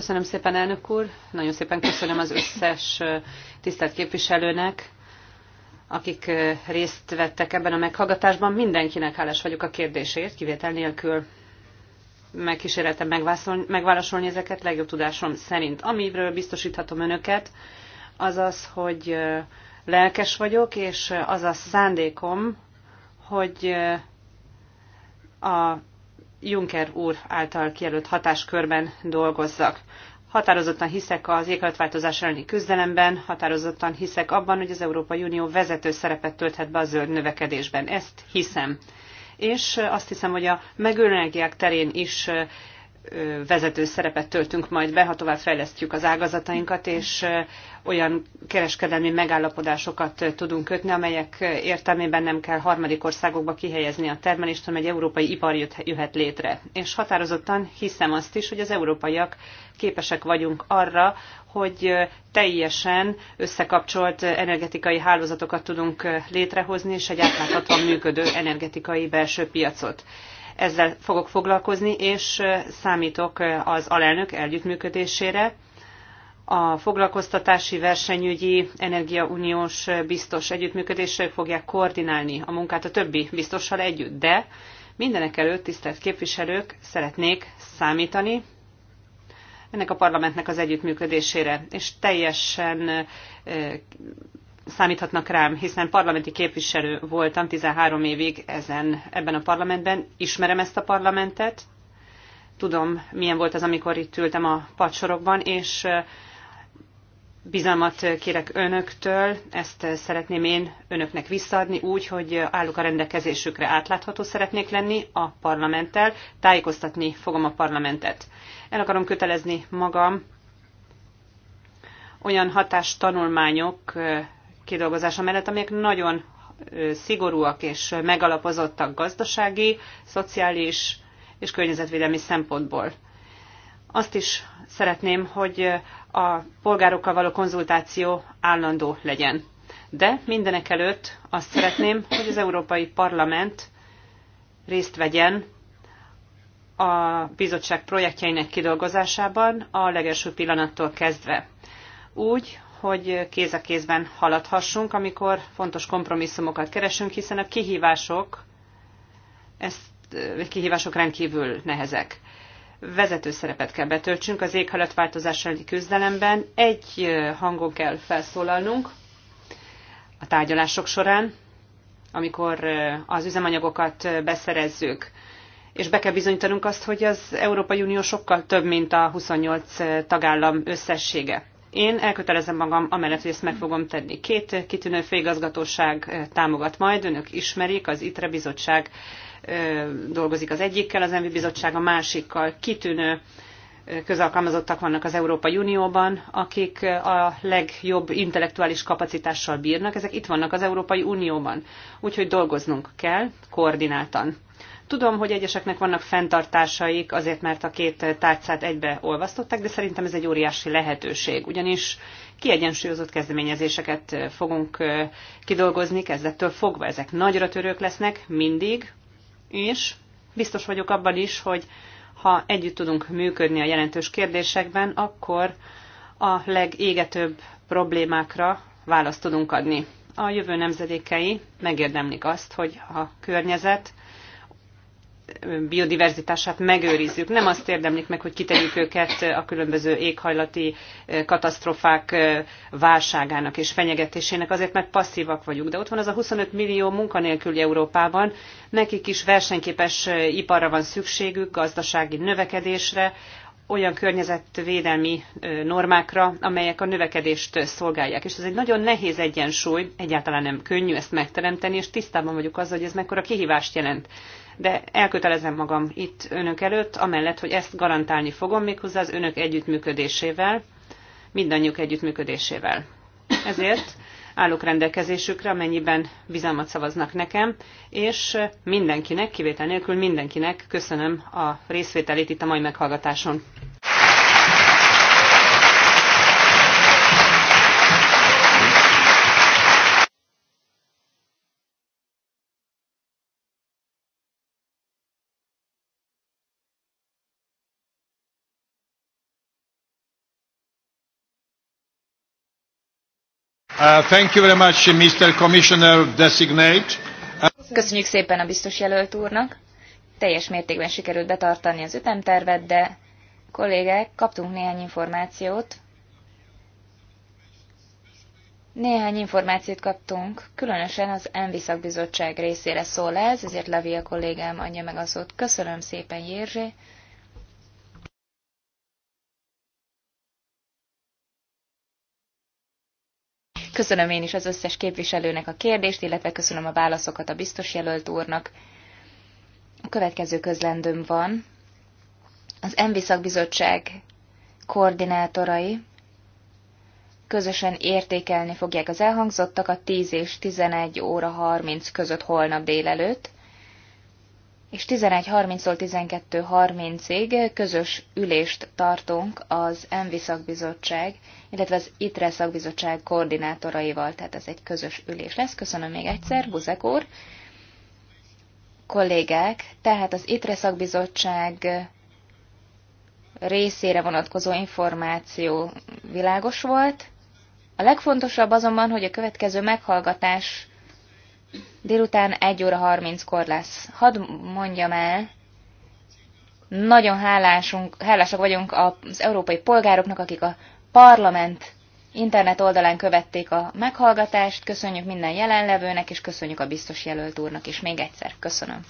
Köszönöm szépen, elnök úr. Nagyon szépen köszönöm az összes tisztelt képviselőnek, akik részt vettek ebben a meghallgatásban. Mindenkinek hálás vagyok a kérdésért, kivétel nélkül megkíséreltem megválaszolni ezeket legjobb tudásom szerint. Amiről biztosíthatom önöket, az az, hogy lelkes vagyok, és az a szándékom, hogy a Juncker úr által kijelölt hatáskörben dolgozzak. Határozottan hiszek az éghajlatváltozás elleni küzdelemben, határozottan hiszek abban, hogy az Európai Unió vezető szerepet tölthet be a zöld növekedésben. Ezt hiszem. És azt hiszem, hogy a megőrenergiák terén is vezető szerepet töltünk majd be, ha tovább fejlesztjük az ágazatainkat, és olyan kereskedelmi megállapodásokat tudunk kötni, amelyek értelmében nem kell harmadik országokba kihelyezni a termelést, hanem egy európai ipar jöhet létre. És határozottan hiszem azt is, hogy az európaiak képesek vagyunk arra, hogy teljesen összekapcsolt energetikai hálózatokat tudunk létrehozni, és egy átláthatóan működő energetikai belső piacot. Ezzel fogok foglalkozni, és számítok az alelnök együttműködésére. A foglalkoztatási versenyügyi energiauniós biztos együttműködésre fogják koordinálni a munkát a többi biztossal együtt, de mindenek előtt, tisztelt képviselők, szeretnék számítani ennek a parlamentnek az együttműködésére, és teljesen számíthatnak rám, hiszen parlamenti képviselő voltam 13 évig ezen, ebben a parlamentben. Ismerem ezt a parlamentet, tudom, milyen volt az, amikor itt ültem a padsorokban, és bizalmat kérek önöktől, ezt szeretném én önöknek visszaadni úgy, hogy állok a rendelkezésükre, átlátható szeretnék lenni a parlamenttel, tájékoztatni fogom a parlamentet. El akarom kötelezni magam olyan hatástanulmányok kidolgozása mellett, amelyek nagyon szigorúak és megalapozottak gazdasági, szociális és környezetvédelmi szempontból. Azt is szeretném, hogy a polgárokkal való konzultáció állandó legyen. De mindenek előtt azt szeretném, hogy az Európai Parlament részt vegyen a bizottság projektjeinek kidolgozásában a legelső pillanattól kezdve. Úgy, hogy kéz a kézben haladhassunk, amikor fontos kompromisszumokat keresünk, hiszen a kihívások, ezt, a kihívások rendkívül nehezek. Vezető szerepet kell betöltsünk az éghajlatváltozás elleni küzdelemben, egy hangon kell felszólalnunk a tárgyalások során, amikor az üzemanyagokat beszerezzük, és be kell bizonyítanunk azt, hogy az Európai Unió sokkal több, mint a 28 tagállam összessége. Én elkötelezem magam amellett, hogy ezt meg fogom tenni. Két kitűnő főigazgatóság támogat majd, önök ismerik, az ITRE bizottság dolgozik az egyikkel, az ENVI bizottság a másikkal. Kitűnő közalkalmazottak vannak az Európai Unióban, akik a legjobb intellektuális kapacitással bírnak, ezek itt vannak az Európai Unióban. Úgyhogy dolgoznunk kell, koordináltan. Tudom, hogy egyeseknek vannak fenntartásaik, azért mert a két tárcát egybe olvasztották, de szerintem ez egy óriási lehetőség, ugyanis kiegyensúlyozott kezdeményezéseket fogunk kidolgozni, kezdettől fogva ezek nagyra törők lesznek mindig, és biztos vagyok abban is, hogy ha együtt tudunk működni a jelentős kérdésekben, akkor a legégetőbb problémákra választ tudunk adni. A jövő nemzedékei megérdemlik azt, hogy a környezet biodiverzitását megőrizzük. Nem azt érdemlik meg, hogy kitegyük őket a különböző éghajlati eh, katasztrofák eh, válságának és fenyegetésének, azért mert passzívak vagyunk. De ott van az a 25 millió munkanélküli Európában, nekik is versenyképes eh, iparra van szükségük, gazdasági növekedésre, olyan környezetvédelmi normákra, amelyek a növekedést szolgálják. És ez egy nagyon nehéz egyensúly, egyáltalán nem könnyű ezt megteremteni, és tisztában vagyok azzal, hogy ez mekkora kihívást jelent de elkötelezem magam itt önök előtt, amellett, hogy ezt garantálni fogom méghozzá az önök együttműködésével, mindannyiuk együttműködésével. Ezért állok rendelkezésükre, amennyiben bizalmat szavaznak nekem, és mindenkinek, kivétel nélkül mindenkinek köszönöm a részvételét itt a mai meghallgatáson. Uh, Köszönjük szépen a biztos jelölt úrnak. Teljes mértékben sikerült betartani az ütemtervet, de kollégák, kaptunk néhány információt. Néhány információt kaptunk, különösen az ENVI szakbizottság részére szól ez, ezért Levi a kollégám adja meg a szót. Köszönöm szépen, Jérzsé. Köszönöm én is az összes képviselőnek a kérdést, illetve köszönöm a válaszokat a biztos jelölt úrnak. A következő közlendőm van. Az ENVI szakbizottság koordinátorai közösen értékelni fogják az elhangzottakat 10 és 11 óra 30 között holnap délelőtt és 11.30-tól 12.30-ig közös ülést tartunk az ENVI szakbizottság, illetve az ITRE szakbizottság koordinátoraival, tehát ez egy közös ülés lesz. Köszönöm még egyszer, Buzek úr. Kollégák, tehát az ITRE szakbizottság részére vonatkozó információ világos volt. A legfontosabb azonban, hogy a következő meghallgatás Délután 1 óra 30-kor lesz. Hadd mondjam el, nagyon hálásunk, hálásak vagyunk az európai polgároknak, akik a parlament internet oldalán követték a meghallgatást. Köszönjük minden jelenlevőnek, és köszönjük a biztos jelölt úrnak is. Még egyszer köszönöm.